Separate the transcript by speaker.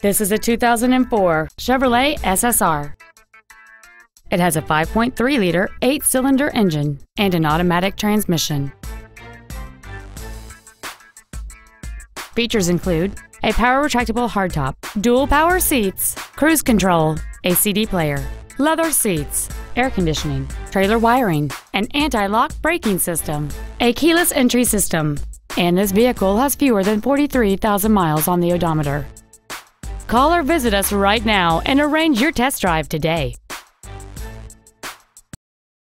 Speaker 1: This is a 2004 Chevrolet SSR. It has a 5.3-liter eight-cylinder engine and an automatic transmission. Features include a power retractable hardtop, dual power seats, cruise control, a CD player, leather seats, air conditioning, trailer wiring, an anti-lock braking system, a keyless entry system, and this vehicle has fewer than 43,000 miles on the odometer. Call or visit us right now and arrange your test drive today.